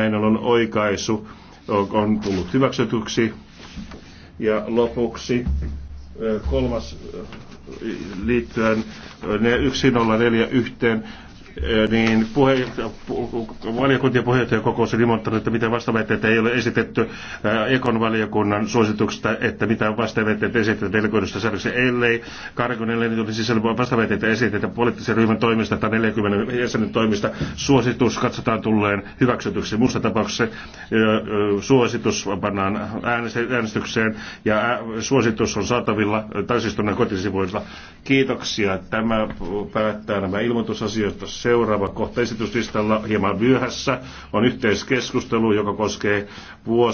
Näin on oikaisu on tullut hyväksytyksi. Ja lopuksi kolmas liittyen ne 104 yhteen niin puheenjohtaja, valiokuntien kokous on ilmoittanut, että mitä vastaväitteitä ei ole esitetty Ekon valiokunnan suosituksesta, että mitä vastaväitteitä esitetään delegoidusta säädöksiä, ellei 24 tunnin sisällä vastaväitteitä esitetä poliittisen ryhmän toimista tai 40 jäsenen toimista. Suositus katsotaan tulleen hyväksytyksi. Muussa tapauksessa suositus pannaan äänestykseen ja suositus on saatavilla täysistunnan kotisivuilla. Kiitoksia. Tämä päättää nämä ilmoitusasiat seuraava kohta esityslistalla hieman myöhässä on yhteiskeskustelu, joka koskee vuosi